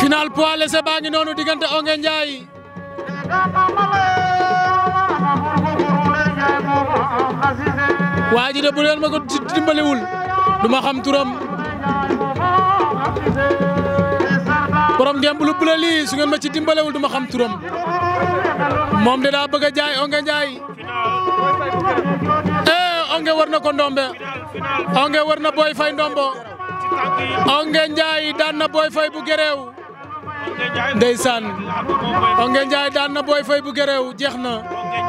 final poids léger baa ngi noonu diggante Ongué Ndiaye waa de bu ko dimbaliwul du ma xam turam borom ngeen bulu bula lii ma ci dimbalewul du ma xam turam moom de daa bëgg a jaay Ongué Ndiaye eh Ongué war ko ndombe Ongué war na Boy ndombo Ongué Ndiaye daan na Boy Faye bu Guéréo ndeysaan Ongué Ndiaye daan na Boy Faye bu Guéréo jeex na